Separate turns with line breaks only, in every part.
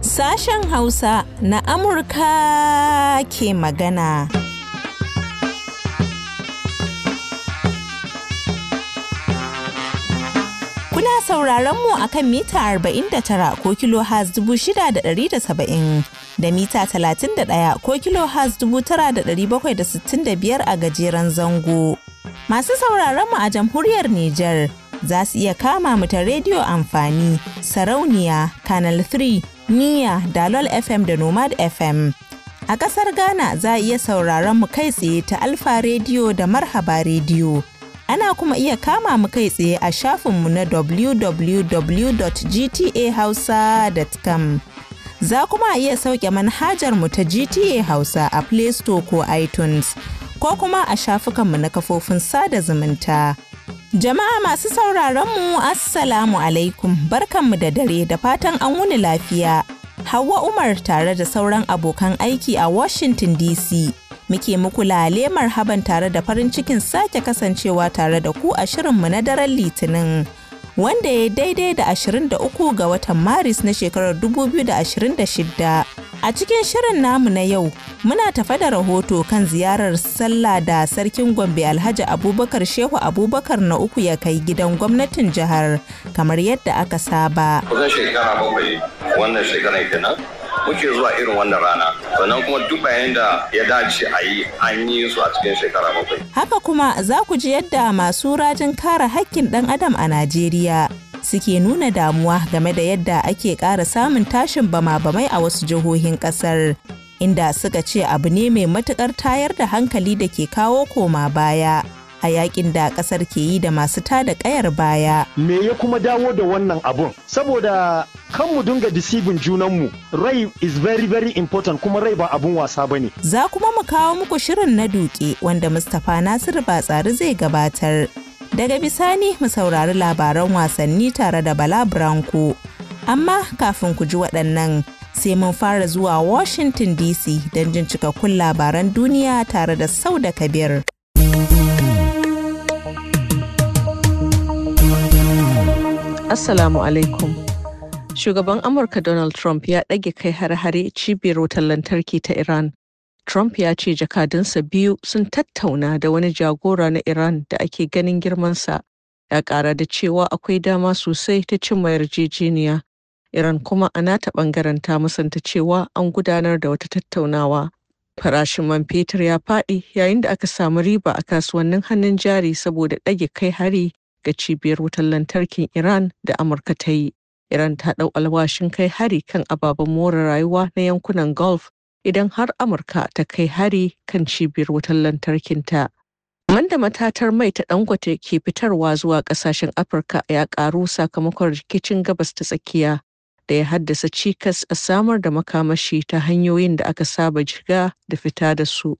Sashen Hausa na Amurka ke magana. Kuna sauraron mu a kan mita 49 ko kilo has 6,170 da mita 31 ko kilo has 9,765 a gajeren zango. Masu sauraron mu a jamhuriyar Nijar. za su iya kama mu ta rediyo amfani sarauniya canal 3 niya dalol fm da nomad fm a ƙasar ghana za a iya sauraron mu kai tsaye ta alfa rediyo da marhaba rediyo ana kuma iya kama mu kai tsaye a shafinmu na www.gtahausa.com za kuma iya sauke manhajar mu ta gta hausa a play store ko itunes ko kuma a shafukanmu na kafofin sada zumunta. Jama'a masu sauraron mu Assalamu alaikum barkanmu da dare da fatan an wuni lafiya. Hauwa Umar tare da sauran abokan aiki a Washington DC. Muke muku lalemar haban tare da farin cikin sake kasancewa tare da ku a shirinmu na daren Litinin. Wanda ya daidai da 23 ga watan Maris na shekarar 2026. A cikin shirin namu na yau, muna tafa da rahoto kan ziyarar sallah da sarkin Gombe Alhaji Abubakar Shehu Abubakar na uku ya kai gidan gwamnatin jihar kamar yadda aka saba.
Kusan shekara bakwai wannan shekara kenan muke zuwa irin wannan rana sannan kuma duk bayan da ya dace a yi an yi su a cikin shekara bakwai.
Haka kuma za ku ji yadda masu rajin kare haƙƙin ɗan adam a Najeriya suke nuna damuwa game da yadda ake ƙara samun tashin bama-bamai a wasu jihohin ƙasar inda suka ce abu ne mai matuƙar tayar da hankali da ke kawo koma baya. a yakin da ƙasar ke yi da masu tada ƙayar baya.
Me ya kuma dawo da wannan abun? Saboda kan mu dinga disibin junanmu, rai is very very important kuma rai ba abun wasa ba ne.
Za kuma mu kawo muku shirin na duke wanda Mustapha Nasiru Batsari zai gabatar. Daga bisani mu saurari labaran wasanni tare da Bala Branko. Amma kafin ku ji waɗannan sai mun fara zuwa Washington DC don jin cikakkun labaran duniya tare da Sauda
Kabir. Assalamu alaikum. Shugaban Amurka Donald Trump ya ɗage kai har-hare cibiyar wutar lantarki ta Iran Trump ya ce jakadansa biyu sun tattauna da wani jagora na Iran da ake ganin girmansa. Ya kara da cewa akwai dama sosai ta cimma yarjejeniya. Iran kuma a nata ɓangaren ta musanta cewa an gudanar da wata tattaunawa. Farashin man fetur ya faɗi yayin da aka samu riba a kasuwannin hannun jari saboda ɗage kai hari ga cibiyar wutar lantarkin Iran da Amurka ta yi. Iran ta ɗau alwashin kai hari kan ababen more rayuwa na yankunan Gulf idan har Amurka ta kai hari kan cibiyar wutar lantarkinta. da matatar mai ta dangote ke fitarwa zuwa kasashen Afirka ya ƙaru sakamakon rikicin gabas ta tsakiya da ya haddasa cikas a samar da makamashi ta hanyoyin da aka saba jiga da fita da su.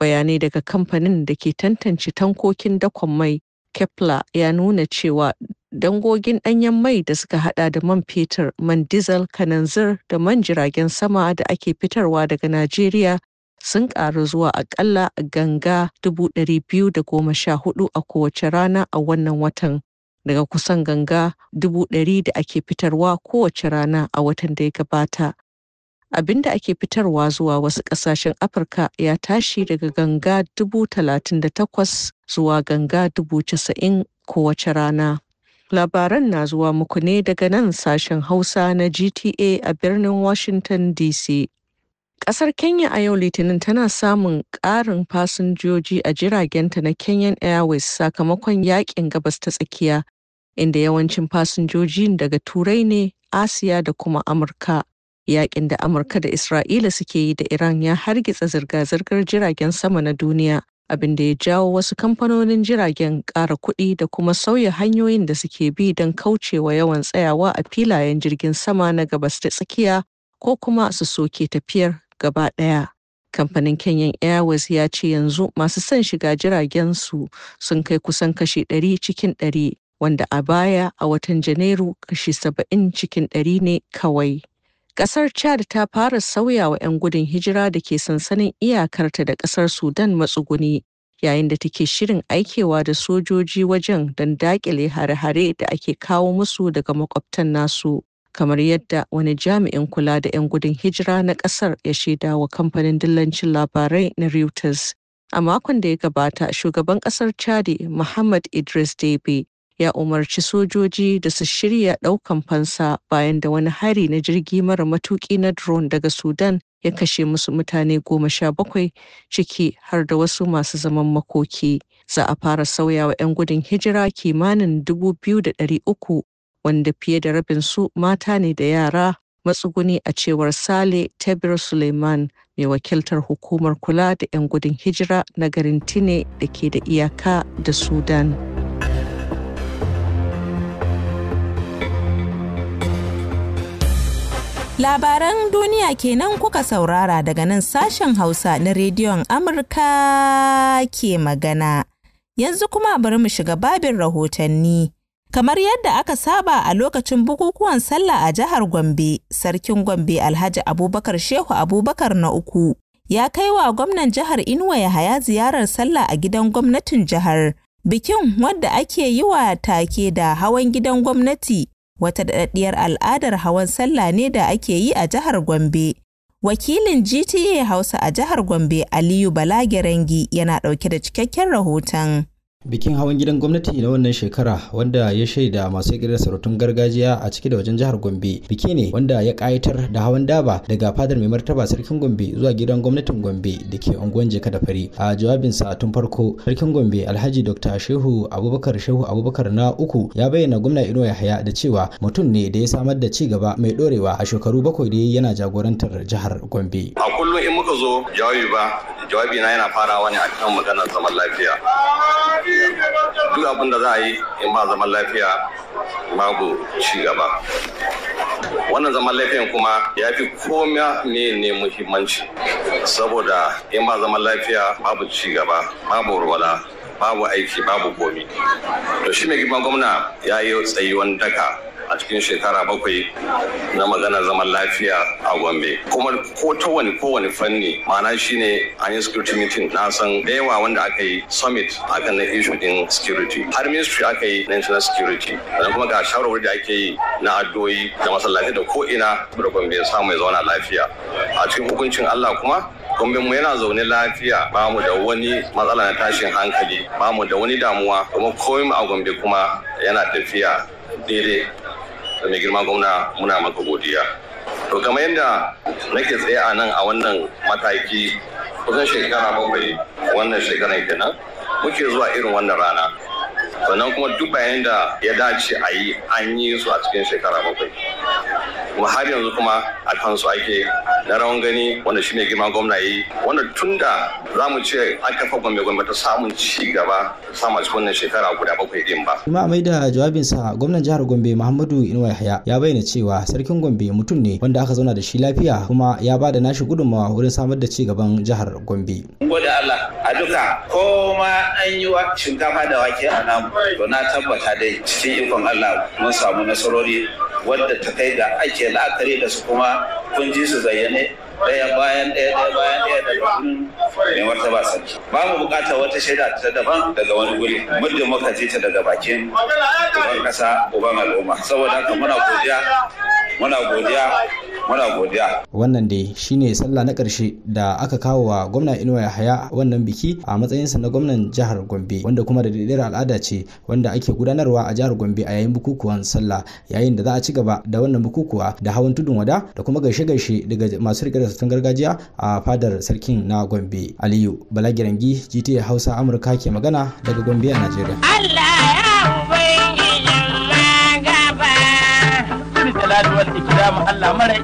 Bayanai daga kamfanin da ke tantance tankokin dakon mai Kepler ya nuna cewa dangogin ɗanyen mai da suka hada da man fetur, man diesel, kananzir da man jiragen sama da ake fitarwa daga Najeriya sun ƙaru zuwa aƙalla ganga 214 a kowace rana a wannan watan daga kusan ganga 100 da ake fitarwa kowace rana a watan da ya gabata. Abinda ake fitarwa zuwa wasu kasashen Afirka ya tashi daga ganga 38 zuwa ganga 90 kowace rana. Labaran na zuwa muku ne daga nan sashen Hausa na GTA a birnin Washington DC. Ƙasar Kenya a yau Litinin tana samun ƙarin fasinjoji a jiragenta na Kenyan Airways sakamakon Yaƙin gabas ta tsakiya, inda yawancin fasinjoji daga Turai ne, Asiya da kuma Amurka. Yaƙin da Amurka da Isra'ila suke yi da Iran ya hargitsa zirga-zirgar jiragen sama na duniya. abin da ya jawo wasu kamfanonin jiragen ƙara kuɗi da kuma sauya hanyoyin da suke bi don kaucewa yawan tsayawa a filayen jirgin sama na gabas ta tsakiya ko kuma su soke tafiyar gaba ɗaya. Kamfanin Kenyan Airways ya ce yanzu masu son shiga jiragen su sun kai kusan kashi ɗari cikin ɗari, wanda a baya a watan Janairu kashi saba'in cikin ɗari ne kawai. Ƙasar Chad ta fara sauya wa 'yan gudun hijira da ke sansanin iyakarta da ƙasar Sudan matsuguni yayin da take shirin aikewa da sojoji wajen don daƙile hare-hare da ake kawo musu daga makwabtan nasu. Kamar yadda wani jami'in kula da 'yan gudun hijira na ƙasar ya shaida wa kamfanin dillancin labarai na Reuters. A makon da ya gabata, shugaban ƙasar Chadi Muhammad Idris Deby ya umarci sojoji da su shirya ɗaukan fansa bayan da wani hari na jirgi mara matuƙi na drone daga Sudan ya kashe musu mutane goma sha bakwai ciki har da wasu masu zaman makoki. Za a fara sauyawa 'yan gudun hijira kimanin dubu biyu da ɗari uku wanda fiye da rabin su mata ne da yara matsuguni a cewar Sale Tabir Suleiman mai wakiltar hukumar kula da 'yan gudun hijira na garin Tine da ke da iyaka da Sudan. Labaran
duniya kenan kuka saurara daga nan sashen Hausa na rediyon Amurka ke magana. Yanzu kuma bari mu shiga babin rahotanni. Kamar yadda aka saba a lokacin bukukuwan sallah a jihar Gombe, Sarkin Gombe Alhaji Abubakar Shehu Abubakar na uku ya kai wa gwamnan jihar Inuwa Yahaya ziyarar sallah a gidan gwamnatin jihar. Bikin wadda ake yi wa take da hawan gidan gwamnati wata daɗaɗɗiyar al'adar hawan sallah ne da ake yi a jihar Gombe. Wakilin GTA Hausa a jihar Gombe Aliyu balagirangi yana ɗauke da cikakken rahoton.
bikin hawan gidan gwamnati na wannan shekara wanda ya shaida masu gidan sarautun gargajiya a ciki da wajen jihar gombe biki ne wanda ya kayatar da hawan daba daga fadar mai martaba sarkin gombe zuwa gidan gwamnatin gombe da ke unguwan jeka da fari a jawabinsa tun farko sarkin gombe alhaji dr shehu abubakar shehu abubakar na uku ya bayyana gwamna ino yahaya da cewa mutum ne da ya samar da ci gaba mai dorewa a shekaru bakwai da yana jagorantar jihar gombe
a kullum in muka zo jawabi ba jawabi na yana farawa ne kan maganar zaman lafiya duk abin da za a yi in ba zaman lafiya babu ci gaba wannan zaman lafiyan kuma ya fi koma ne ne muhimmanci saboda in ba zaman lafiya babu ci gaba babu walwala babu aiki babu komi to shi mai gidan gwamna ya yi tsayuwan daka a cikin shekara bakwai na maganar zaman lafiya a Gombe. Kuma ko ta wani kowane fanni ma'ana shine an yi security meeting na san yawa wanda aka yi summit a akan na issue din security. Har ministry aka yi national security. Sannan kuma ga shawarwar da ake yi na addu'o'i da masallaci da ko ina da Gombe ya samu ya zauna lafiya. A cikin hukuncin Allah kuma Gombe mu yana zaune lafiya ba mu da wani matsala na tashin hankali ba mu da wani damuwa kuma komai a Gombe kuma yana tafiya daidai da mai girma gwamna muna maka godiya to kamar yadda nake tsaye a nan a wannan mataki kusan shekara bakwai wannan shekaran kenan muke zuwa irin wannan rana sannan kuma duk bayan da ya dace a yi an yi su a cikin shekara bakwai kuma har yanzu kuma a kansu ake na rawan gani wanda shine girman gwamna yi wanda tunda za mu ce an kafa gwamna gwamna ta samun ci gaba samu cikin wannan shekara guda bakwai din ba.
kuma a maida sa gwamnan jihar gombe muhammadu inuwa yahaya ya bayyana cewa sarkin gombe mutum ne wanda aka zauna da shi lafiya kuma ya ba da nashi gudunmawa wurin samar da ci gaban jihar gombe. gode
allah a duka ko ma an yi shinkafa da wake a namu to na tabbata dai cikin ikon allah mun samu nasarori wadda ta kai da ake la'akari da su kuma kun ji su zayyane ɗaya bayan ɗaya ɗaya bayan ɗaya
daga gurin
mai martaba sarki ba mu bukata wata shaida ta daban daga wani guri muddin muka ji ta daga bakin uban ƙasa uban al'umma saboda haka muna godiya muna godiya muna godiya
wannan dai shine sallah na karshe da aka kawo wa gwamna Inuwa Yahaya wannan biki a matsayinsa na gwamnan jihar Gombe wanda kuma da daidaitar al'ada ce wanda ake gudanarwa a jihar Gombe a yayin bukukuwan sallah yayin da za a ci gaba da wannan bukukuwa da hawan tudun wada da kuma gaishe-gaishe daga masu rigar da gargajiya a fadar sarkin na Gombe Aliyu Balagirangi GTA Hausa Amurka ke magana daga Gombe a Najeriya Allah ya
Allah mara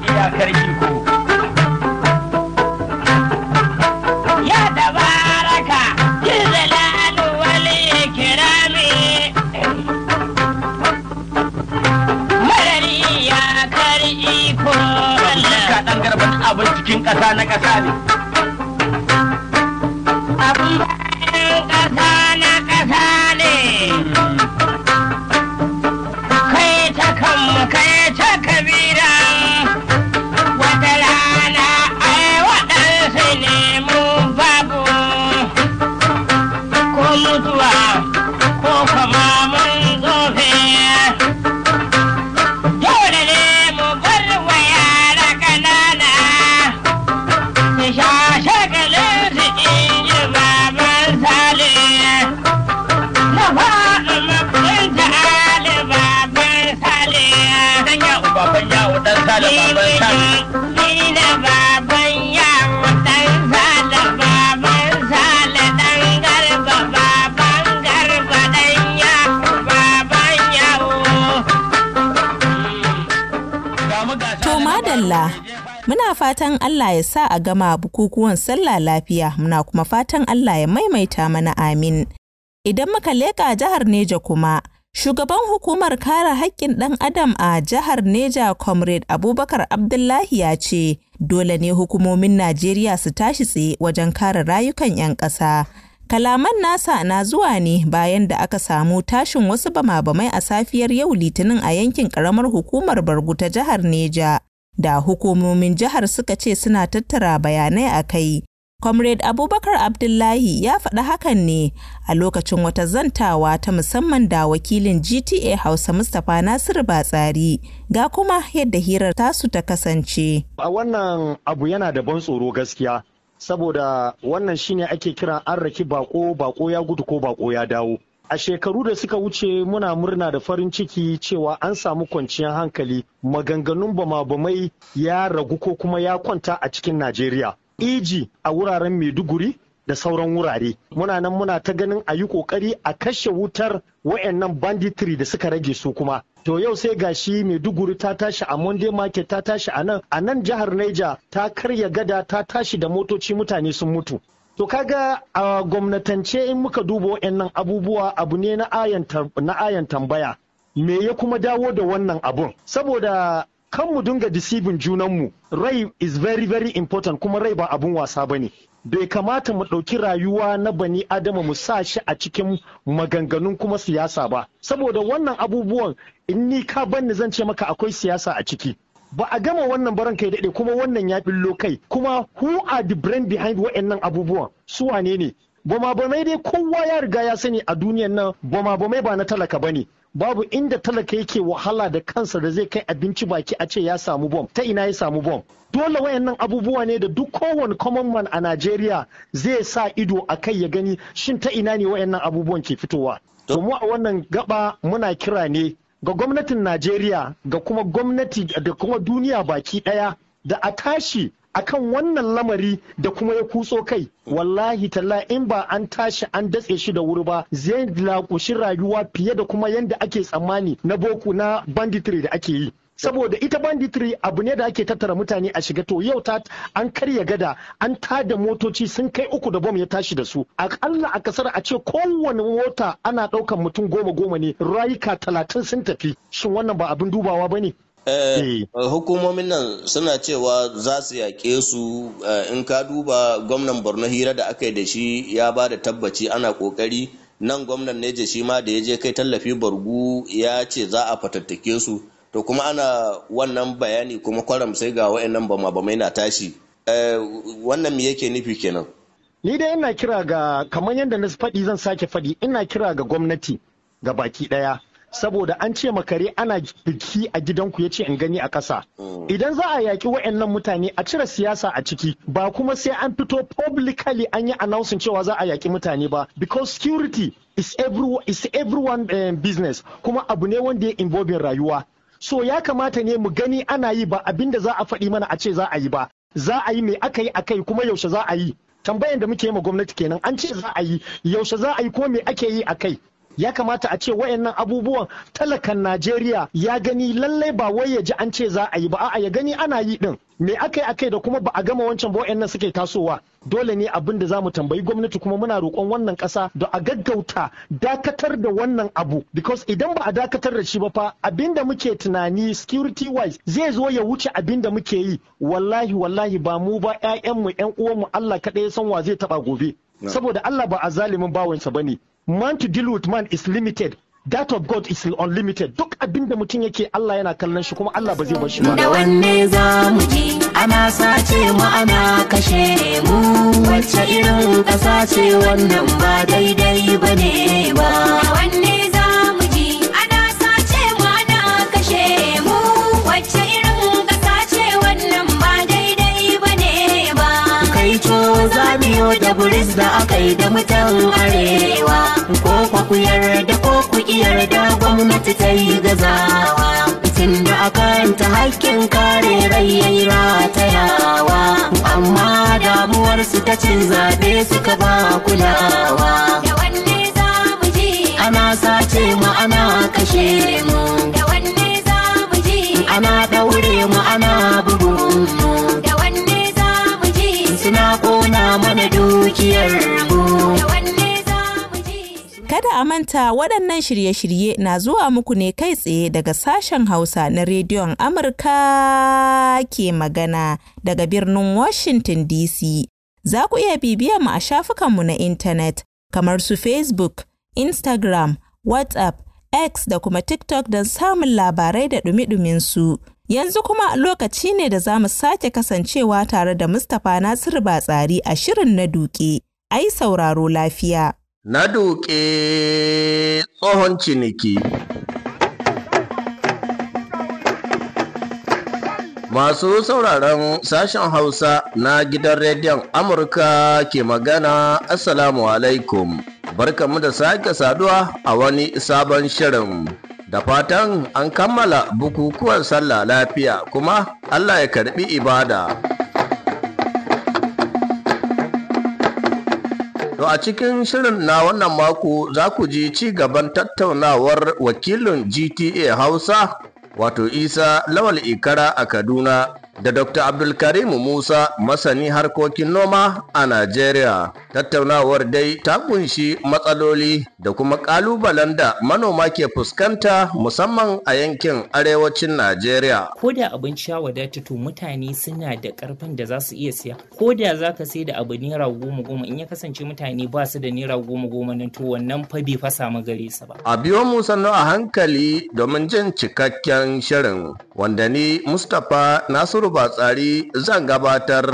kasa na kasa ne
fatan Allah ya sa a gama bukukuwan sallah lafiya muna kuma fatan Allah ya maimaita mana amin. Idan muka leƙa jihar Neja kuma, shugaban hukumar kare haƙƙin ɗan adam a jihar Neja Comrade Abubakar Abdullahi ya ce, dole ne hukumomin Najeriya su tashi tsaye wajen kare rayukan 'yan ƙasa. Kalaman nasa na zuwa ne bayan da aka samu tashin wasu bama-bamai a safiyar yau litinin a yankin ƙaramar hukumar Bargu ta jihar Neja. da hukumomin jihar suka ce suna tattara bayanai a kai. Comrade Abubakar Abdullahi ya faɗi hakan ne a lokacin wata zantawa ta musamman da wakilin GTA Hausa Mustapha Nasiru Batsari ga kuma yadda hirar tasu ta kasance.
A wannan abu yana da ban tsoro gaskiya saboda wannan shine ake kira an raki bako bako ya gudu ko bako ya dawo. a shekaru da suka wuce muna murna da farin ciki cewa an samu kwanciyar hankali maganganun bama-bamai ya ragu ko kuma ya kwanta a cikin najeriya iji e a wuraren maiduguri da sauran wurare muna nan muna ta ganin a yi kokari a kashe wutar wayannan banditry da suka rage su kuma to yau sai gashi maiduguri ta tashi a monday market ta tashi a nan a nan jihar neja ta karya gada ta tashi da motoci mutane sun mutu To kaga a gwamnatance in muka duba waɗannan abubuwa abu ne na ayan tambaya. Me ya kuma dawo da wannan abun? Saboda kan mu dinga disibin junanmu rai is very very important kuma rai ba abun wasa ba ne. Bai kamata mu ɗauki rayuwa na bani adama mu sa shi a cikin maganganun kuma siyasa ba. Saboda wannan abubuwan in ni ka ni zan ce maka akwai siyasa a ciki. ba a gama wannan baran kai daɗe kuma wannan ya billo kai kuma who are the brand behind wa'annan abubuwan su wane ne boma bomai dai kowa ya riga ya sani a duniyan nan boma bomai ba na talaka ba ne babu inda talaka yake wahala da kansa da zai kai abinci baki a ce ya samu bom ta ina ya samu bom dole wayannan abubuwa ne da duk kowane common man a Najeriya zai sa ido a kai ya gani shin ta ina ne wayannan abubuwan ke fitowa mu a wannan gaba muna kira ne ga gwamnatin Najeriya ga kuma gwamnati da kuma duniya baki ɗaya da a tashi a kan wannan lamari da kuma ya kutso kai wallahi talla in ba an tashi an datse shi da wuri ba zai laƙushi rayuwa fiye da kuma yadda ake tsammani na boku na banditry da ake yi saboda ita banditry abu ne da ake tattara mutane a shiga to yau ta an karya gada an tada motoci sun kai uku da bom ya tashi da su akalla a kasar a ce kowane mota ana ɗaukan mutum goma goma ne rayuka talatin sun tafi shin wannan ba abin dubawa ba ne
eh, eh. hukumomin nan suna cewa za su yaƙe su eh, in ka duba gwamnan borno hira da aka yi da shi ya ba da tabbaci ana ƙoƙari nan gwamnan neje shi ma da ya je kai tallafi bargu ya ce za a fatattake su to kuma ana wannan bayani kuma kwaram sai ga wa'annan ba bamai na tashi eh, wannan me yake nufi kenan
ni dai ina kira ga kamar yadda na faɗi zan sake faɗi ina kira ga gwamnati ga baki ɗaya saboda an ce makare ana biki a gidanku ya ce in gani a ƙasa. Mm. Idan za a yaƙi wa'annan mutane a cire siyasa a ciki ba kuma sai an fito publicly an yi announcing cewa za a yaƙi mutane ba because security is everyone, is everyone eh, business kuma abu ne wanda ya involving rayuwa. so ya kamata ne mu gani ana yi ba abinda za a faɗi mana a ce za a yi ba za a yi mai aka yi akai kuma yaushe za a yi tambayan da muke yi ma gwamnati kenan an ce za a yi yaushe za a yi ko me ake yi a kai? ya kamata a ce wayannan abubuwan talakan Najeriya ya gani lallai ba wai ya ji an ce za a yi ba a'a ya gani ana yi din me akai akai da kuma ba a gama wancan ba wayannan suke tasowa dole ne abin da mu tambayi gwamnati kuma muna roƙon wannan ƙasa da a gaggauta dakatar da wannan abu because idan ba a dakatar da shi ba fa abinda muke tunani security wise zai zo ya wuce abinda muke yi wallahi wallahi ba mu ba ƴaƴanmu ƴan uwanmu Allah kaɗai ya san wa zai taɓa gobe saboda Allah ba a zalimin bawansa bane man to deal with man is limited that of God is unlimited duk abin da mutum yake Allah yana kallon shi kuma Allah ba zai bar shi ba da wanne za mu ji ana sace mu ana kashe mu wacce irin kasa wannan
ba daidai bane ba
wanne
da mutan arewa ko kwa ku yarda ko ku ki yarda gwamnati ta yi gazawa tun da akan ta hakkin kare rai ratayawa
amma damuwar su ta cin zaɓe suka ba kulawa da
wanne za
mu ji ana sace mu ana kashe mu da
wanne za mu ji ana
ɗaure mu ana bugu mu da
wanne za mu ji suna ƙona mana dukiyar mu Kada a manta waɗannan shirye-shirye na zuwa muku ne kai tsaye daga sashen Hausa na rediyon Amurka ke magana daga birnin Washington DC. Za ku iya bibiyar mu a shafukanmu na intanet kamar su Facebook, Instagram, WhatsApp, X da kuma TikTok don samun labarai da ɗumi su. Yanzu kuma lokaci ne da za mu sake kasancewa tare da Mustapha Nasiru Batsari a shirin na duke, ai sauraro lafiya.
na duƙe tsohon ciniki. Masu sauraron sashen Hausa na gidan rediyon Amurka ke magana Assalamu alaikum. barkanmu da sake saduwa a wani sabon shirin. Da fatan an kammala bukukuwan sallah lafiya kuma Allah ya karbi ibada. To a cikin shirin na wannan mako za ku ji ci gaban tattaunawar wakilin GTA Hausa wato Isa Lawal Ikara a Kaduna da Dr. Abdulkarim Musa masani harkokin noma a Najeriya. Tattaunawar dai ta kunshi matsaloli da kuma ƙalubalen da manoma ke fuskanta musamman a yankin arewacin Najeriya.
Ko da abin sha wadata to mutane suna da karfin da za su iya siya. Ko da za ka sai da abu naira goma goma in ya kasance mutane ba su da naira goma goma nan to wannan fa bai fasa gare su ba.
A biyo Musa sannu a hankali domin jin cikakken shirin wanda ni Mustapha Nasiru Shehu Tsari zan gabatar.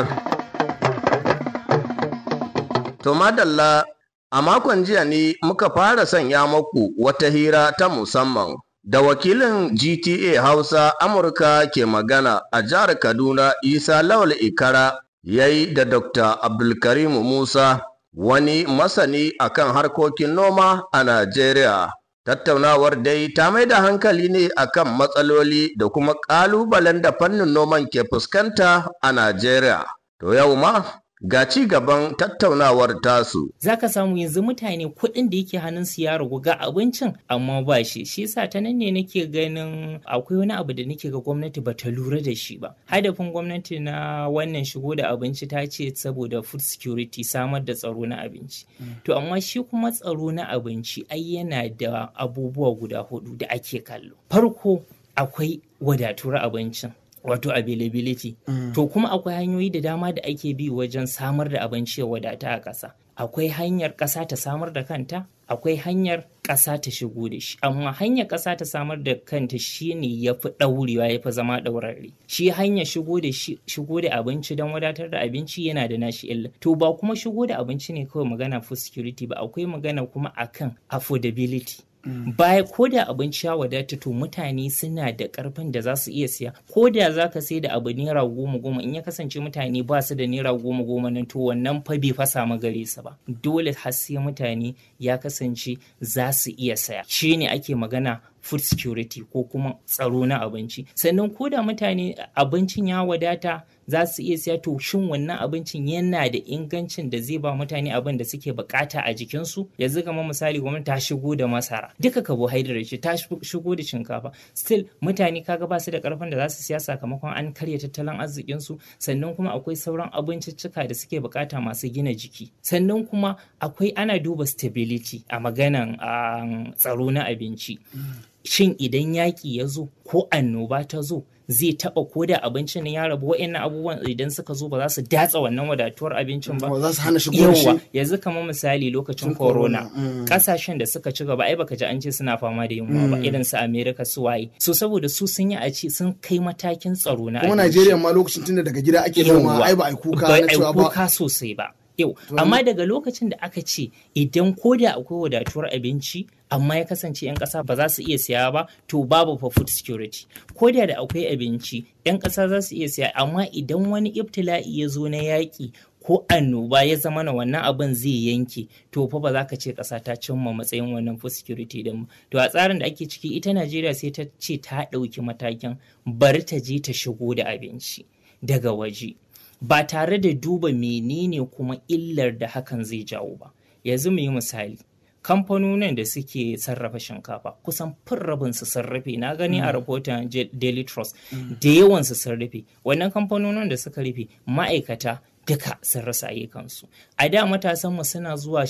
To madalla a makon jiya ne muka fara sanya maku wata hira ta musamman da wakilin GTA Hausa Amurka ke magana a jihar Kaduna Isa Lawal Ikara ya yi da Dr. Abdulkarimu Musa wani masani akan harkokin noma a Najeriya. Tattaunawar dai ta mai da hankali ne akan matsaloli da kuma ƙalubalen da fannin noman ke fuskanta a Najeriya. To yau ma Ga ci gaban tattaunawar tasu.
Za ka samu yanzu mutane kuɗin da yake hannunsu ya ragu ga abincin amma ba shi. Shi sa ta nan ne nake ganin akwai wani abu da nake ga gwamnati ba ta lura da shi ba. Hadafin gwamnati na wannan shigo da abinci ta ce saboda food security samar da tsaro na abinci. Mm. To amma shi kuma tsaro na abinci ai yana da abubuwa guda hudu da ake kallo. Farko akwai wadatura abincin. wato availability mm. to kuma akwai hanyoyi da dama da ake bi wajen samar da abinci ya wadata a ƙasa akwai hanyar ƙasa ta samar da kanta akwai hanyar ƙasa ta shigo da shi amma hanyar ƙasa ta samar da kanta shine ya fi ɗaurewa ya fi zama ɗaurarre shi hanyar shigo da shigo da abinci don wadatar da abinci yana da nashi illa to ba kuma shigo da abinci ne kawai magana food security ba akwai magana kuma akan affordability Mm. baya ko da abinci ya wadata to mutane suna da karfin da za su iya siya ko da za ka sai da abu naira goma goma in ya kasance mutane ba su da naira goma goma nan to wannan fa bai fasa gare su ba dole har sai mutane ya kasance za su iya saya shi ne ake magana food security ko kuma tsaro na abinci sannan ko da mutane abincin ya wadata za su iya siya to shin wannan abincin yana da ingancin da zai ba mutane abin da suke bukata a jikinsu yanzu kamar misali gwamnati ta shigo da masara duka carbohydrate ta shigo da shinkafa still mutane kaga ba su da karfin da za su siya sakamakon an karya tattalin arzikinsu sannan kuma akwai sauran abinciccika da suke bukata masu gina jiki sannan kuma akwai ana duba stability a maganan um, tsaro na abinci mm. shin idan yaki ya zo ko annoba ta zo zai taɓa ko da abincin nan ya rabu wa'annan abubuwan idan suka zo ba za su datsa wannan wadatuwar abincin ba za su hana shi Yawwa yanzu kamar misali lokacin korona mm. ƙasashen da suka ci gaba ai baka ji an ce suna fama da yunwa ba mm. irin su America su waye so saboda su sun yi a ci sun kai matakin tsaro na kuma Najeriya ma
lokacin tunda daga gida ake noma ai ba ai kuka na cewa ba
sosai ba yau mm. amma daga lokacin da aka ce idan ko da akwai wadatuwar abinci amma ya kasance 'yan ƙasa ba za su iya siya ba to babu for food security ko da da akwai abinci 'yan ƙasa za su iya siya amma idan wani ibtila'i ya zo na yaƙi ko annoba ya zama na wannan abin zai yanke to fa ba za ka ce ƙasa ta cimma matsayin wannan food security din to a tsarin da ake ciki ita Najeriya sai ta ce ta ɗauki matakin bari ta je ta shigo da abinci daga waje ba tare da duba menene kuma illar da hakan zai jawo ba yanzu mu yi misali kamfanonin da suke sarrafa shinkafa kusan fin su sarrafe na gani a mm. rahoton daily trust mm. da yawan su sarrafe wannan kamfanonin da suka rufe ma'aikata duka sun rasa ayyukansu a da matasanmu suna zuwa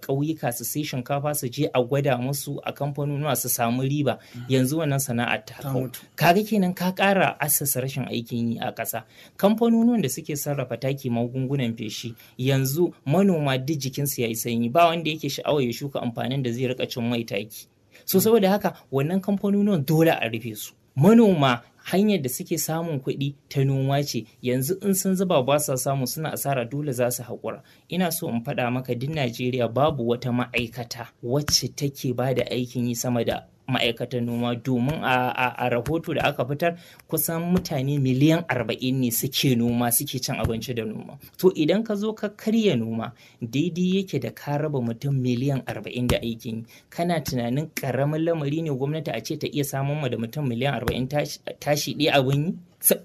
ƙauyuka su sai shinkafa su je a gwada musu a kamfanonuwa su samu riba yanzu wannan sana'ar ta kaga kenan ka ƙara asasa rashin aikin yi a ƙasa kamfanonuwan da suke sarrafa taki magungunan feshi yanzu manoma duk jikinsu ya yi sanyi ba wanda yake sha'awar ya shuka amfanin da zai rika cin mai taki so saboda haka wannan kamfanonuwan dole a rufe su manoma hanyar da suke samun kuɗi ta noma ce yanzu in sun zuba ba sa samu suna asara dole za su haƙura ina so in faɗa maka duk najeriya babu wata ma'aikata wacce take ba da aikin yi sama da ma'aikatan noma domin a rahoto da aka fitar kusan mutane miliyan arba'in ne suke noma suke cin abinci da noma to idan ka zo ka karya noma daidai yake da ka raba mutum miliyan arba'in da aikin yi kana tunanin ƙaramin lamari ne gwamnati a ce ta iya samun mu da mutum miliyan arba'in tashi ɗaya abin yi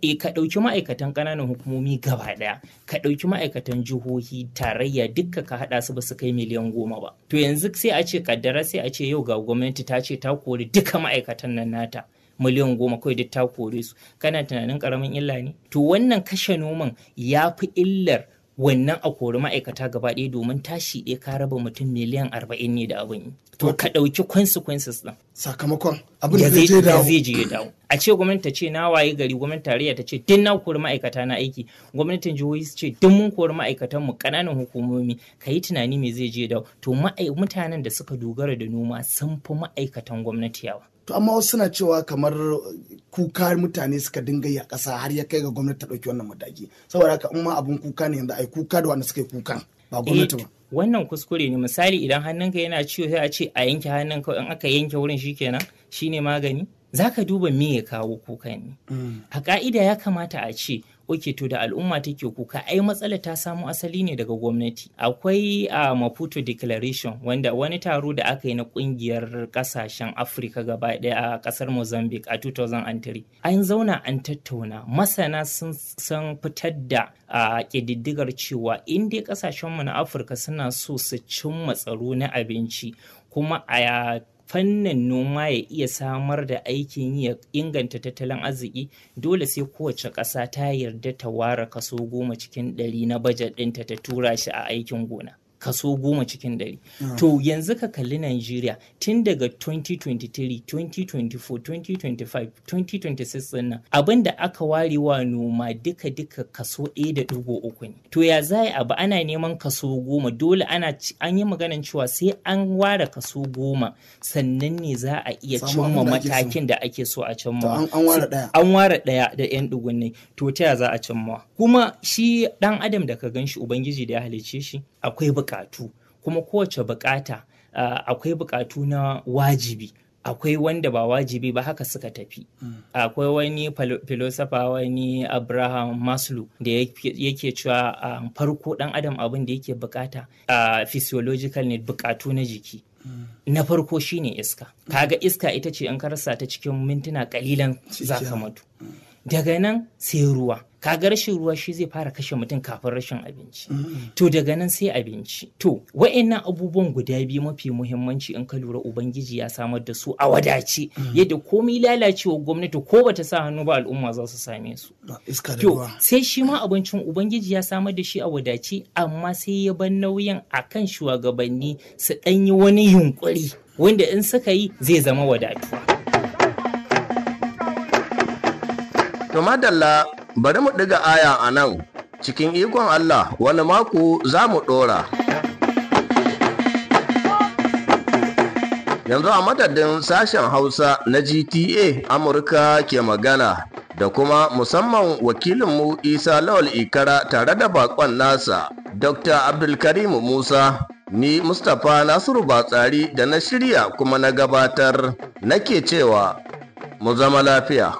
e, ka ɗauki ma'aikatan ƙananan hukumomi gaba ɗaya ka ɗauki ma'aikatan jihohi tarayya dukka ka haɗa su ba su kai miliyan goma ba to yanzu sai a ce kaddara sai a ce yau ga gwamnati ta ce ta kori duka ma'aikatan nan nata miliyan goma kawai duk ta kore su kana tunanin ƙaramin illa ne to wannan kashe noman ya fi illar wannan a kori ma'aikata gaba ɗaya domin tashi ɗaya ka raba mutum miliyan arba'in ne da abin to ka ɗauki consequences ɗin
sakamakon abin da zai
je ya dawo a ce gwamnati ta ce na waye gari gwamnati tarayya ta ce duk na kori ma'aikata na aiki gwamnatin jihohi su ce duk mun kori ma'aikatan mu ƙananan hukumomi ka yi tunani me zai je ya dawo to mutanen da suka dogara da noma sun fi ma'aikatan gwamnati yawa
to amma wasu suna cewa kamar
kuka mutane suka dinga yi a ƙasa har ya kai ga gwamnati ta ɗauki wannan mataki saboda haka in ma abun kuka ne yanzu ai kuka da wanda suka yi kuka ba gwamnati ba eh,
wannan kuskure ne misali idan hannunka yana ciwo sai a ce a yanke hannun ka in aka yanke wurin shikenan shine magani zaka duba me ya kawo kuka ne mm. a ka'ida ya kamata a ce oke to da al'umma take kuka ai matsala ta samu asali ne daga gwamnati akwai a maputo declaration wanda wani taro da aka yi na kungiyar kasashen Afrika gaba daya a kasar mozambique a 2003 an zauna an tattauna masana sun san fitar da a ƙididdigar cewa in dai mu na afirka suna so su cimma tsaro na abinci kuma a fannin noma ya iya samar da aikin yi ya inganta tattalin arziki dole sai kowace ƙasa ta yarda ta ware kaso goma cikin ɗari na bajet ɗinta ta tura shi a aikin gona kaso goma cikin ɗari. Ah. To yanzu ka kalli Najeriya tun daga 2023, 2024, 2025, 2026 nan abin da aka ware wa noma duka-duka kaso ɗaya da ɗigo uku ne. To ya za abu ana neman kaso goma dole ana an yi maganan cewa sai an ware kaso goma sannan ne za a iya cimma matakin da ake so a cimma. An ware ɗaya da 'yan ɗigon ne to ta ya za a cimma. Kuma shi ɗan adam da ka gan Ubangiji da ya halicce shi akwai bukatu kuma kowace bukata uh, ah, akwai bukatu na wajibi akwai wanda ba wajibi ba haka suka tafi mm. akwai wani filosofa wani abraham maslow da yake cewa ah, farko dan adam abin da yake bukata a ah, physiological need bukatu na jiki mm. na farko shine iska kaga iska ita ce in karasa ta cikin mintuna kalilan za ka mutu mm. daga nan sai ruwa kaga rashin ruwa shi zai fara kashe mutum kafin rashin abinci mm. to daga nan sai abinci to wa'annan abubuwan guda biyu mafi muhimmanci in ka lura ubangiji ya samar da su a wadace mm. yadda komai lalacewa gwamnati ko bata sa hannu ba al'umma za su same su to sai shi ma abincin ubangiji ya samar da shi a wadace amma sai ya ban nauyin akan shugabanni su ɗanyi wani yunkuri wanda in suka yi zai zama wadatuwa.
To madalla bari mu ɗiga aya a nan cikin ikon Allah wani mako za mu ɗora. Yanzu a madadin sashen Hausa na GTA Amurka ke magana da kuma musamman wakilinmu Isa Lawal Ikara tare da bakon nasa Dr. Abdulkarim Musa ni Mustapha Nasiru Batsari da na shirya kuma na gabatar nake cewa mu zama lafiya.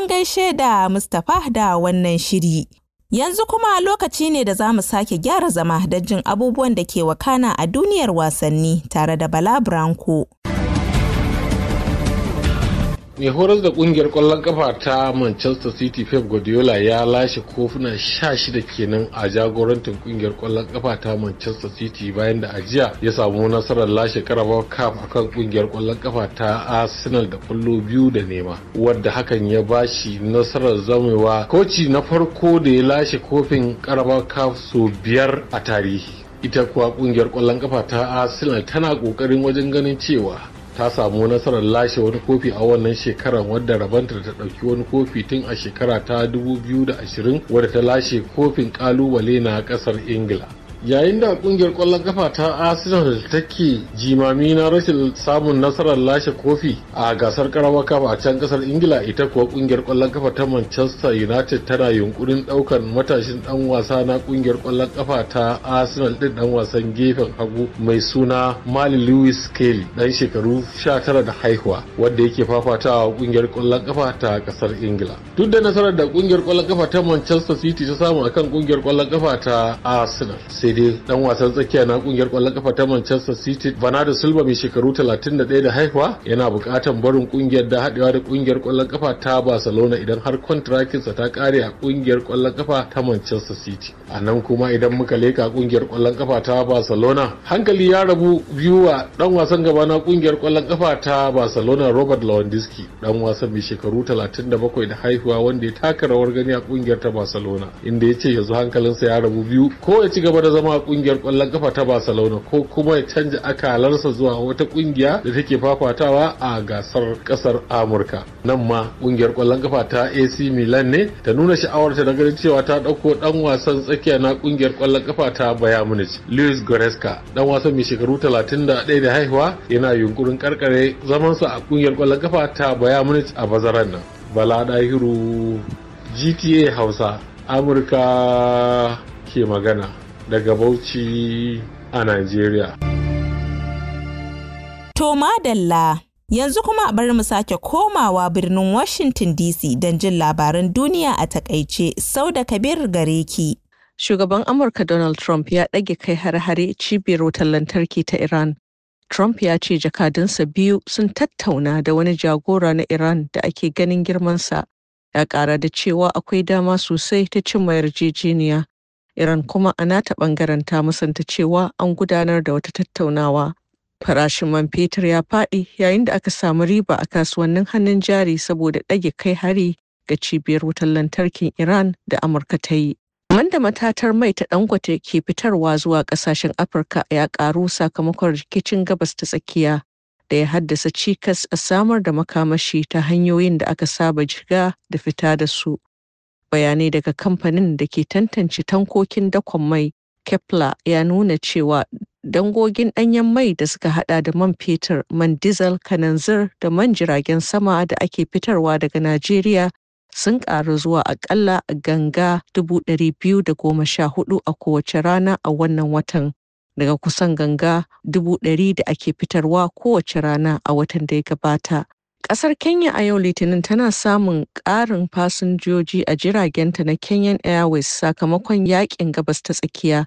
an gaishe da Mustapha da wannan shiri. Yanzu kuma lokaci ne da za mu sake gyara zama don jin abubuwan da ke wakana a duniyar wasanni tare da Bala Branko.
mai horar da kungiyar kwallon kafa ta manchester city pep guardiola ya lashe kofuna sha shida kenan a jagorantar kungiyar kwallon kafa ta manchester city bayan da ajiya ya samu nasarar lashe carabao cup akan kungiyar kwallon kafa ta arsenal da kwallo biyu da nema wadda hakan ya bashi nasarar zamewa koci na farko da ya lashe kofin carabao cup sau biyar a tarihi ita kuwa kungiyar kwallon kafa ta arsenal tana kokarin wajen ganin cewa ta samu nasarar lashe wani kofi a wannan shekarar wadda rabanta ta ɗauki wani kofi tun a shekara ta 2020 wadda ta lashe kofin ƙalubale na ƙasar ingila yayin da kungiyar kwallon kafa ta arsenal take jimami na rashin samun nasarar lashe kofi a gasar karawa kafa a can kasar ingila ita kuwa kungiyar kwallon kafa ta manchester united tana yunkurin daukan matashin dan wasa na kungiyar kwallon kafa ta arsenal din dan wasan gefen hagu mai suna mali lewis kelly dan shekaru 19 da haihuwa wanda yake fafatawa kungiyar kwallon kafa ta kasar ingila duk da nasarar da kungiyar kwallon kafa ta manchester city ta samu akan kungiyar kwallon kafa ta arsenal sai dai dan wasan tsakiya na kungiyar kwallon kafa ta Manchester City Bernardo Silva mai shekaru 31 da haihuwa yana bukatan barin kungiyar da hadewa da kungiyar kwallon kafa ta Barcelona idan har sa ta kare a kungiyar kwallon kafa ta Manchester City a nan kuma idan muka leka kungiyar kwallon kafa ta Barcelona hankali ya rabu biyu wa dan wasan gaba na kungiyar kwallon kafa ta Barcelona Robert Lewandowski dan wasan mai shekaru 37 da haihuwa wanda ya taka rawar gani a kungiyar ta Barcelona inda ya ce yanzu hankalinsa ya rabu biyu ko ya ci gaba da zama kungiyar kwallon kafa ta Barcelona ko kuma ya canja akalarsa zuwa wata kungiya da take fafatawa a gasar kasar Amurka nan ma kungiyar kwallon kafa ta AC Milan ne ta nuna sha'awarta da ganin cewa ta dauko dan wasan tsakiya na kungiyar kwallon kafa ta Bayern Munich Luis Goretzka dan wasan mai shekaru 31 da haihuwa yana yunkurin karkare zamansa a kungiyar kwallon kafa ta Bayern Munich a bazaran nan Bala Dahiru GTA Hausa Amurka ke magana daga Bauchi a Najeriya.
Toma Dalla, yanzu kuma a bari mu sake komawa birnin Washington
DC don jin labaran duniya a takaice sau da kabir gare ki. Shugaban Amurka Donald Trump ya ɗage kai har-hare cibiyar wutar lantarki ta Iran. Trump ya ce jakadunsa biyu sun tattauna da wani jagora na Iran da ake ganin girmansa. Ya ƙara da cewa akwai dama sosai ta cimma yarjejeniya Iran kuma a nata ɓangaren ta musanta cewa an gudanar da wata tattaunawa. Farashin man fetur ya faɗi yayin da aka samu riba a kasuwannin hannun jari saboda ɗage kai hari ga cibiyar wutar lantarkin Iran da Amurka ta yi. da matatar mai ta dangote ke fitarwa zuwa kasashen Afirka ya ƙaru sakamakon rikicin gabas ta tsakiya da ya haddasa cikas a samar da makamashi ta hanyoyin da aka saba jiga da fita da su. Bayanai daga kamfanin da ke tantance tankokin dakon mai Kepler ya nuna cewa dangogin danyen mai da suka hada da man fetur, man dizal, kananzir da man jiragen sama da ake fitarwa daga Najeriya sun ƙara zuwa aƙalla ganga 214 a kowace rana a wannan watan, daga kusan ganga 100,000 da ake fitarwa kowace rana a watan da ya gabata. Ƙasar Kenya a yau Litinin tana samun ƙarin fasinjoji a jiragenta na Kenyan Airways sakamakon yaƙin gabas ta tsakiya,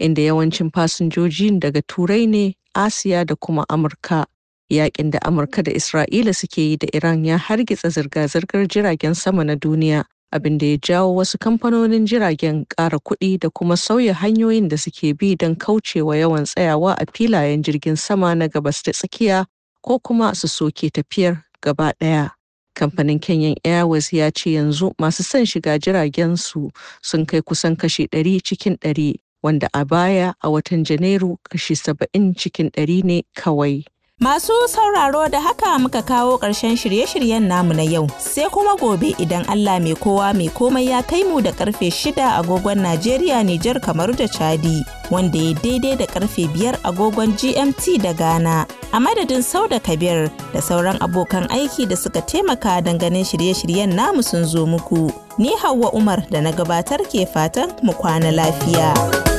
inda yawancin fasinjoji daga Turai ne, Asiya da kuma Amurka. yaƙin da Amurka da Isra'ila suke yi da Iran ya hargitsa zirga-zirgar jiragen sama na duniya, abin da ya jawo wasu kamfanonin jiragen ƙara kuɗi da kuma sauya hanyoyin da suke bi don kaucewa yawan tsayawa a filayen jirgin sama na gabas ta tsakiya ko kuma su soke tafiyar gaba ɗaya. Kamfanin Kenyan Airways ya ce yanzu masu son shiga jiragen su sun kai kusan kashi ɗari cikin ɗari wanda a baya a watan Janairu kashi saba'in cikin ɗari ne kawai.
Masu sauraro da haka muka kawo ƙarshen shirye-shiryen namu na yau, sai kuma gobe idan Allah mai kowa mai komai ya kai mu da karfe shida agogon Najeriya, Nijar, kamar da Chadi, wanda ya daidai da karfe biyar agogon GMT da Ghana. A madadin sau da kabir da sauran abokan aiki da suka taimaka ganin shirye-shiryen namu sun zo muku. Ni Hauwa Umar da na gabatar ke fatan mu kwana lafiya.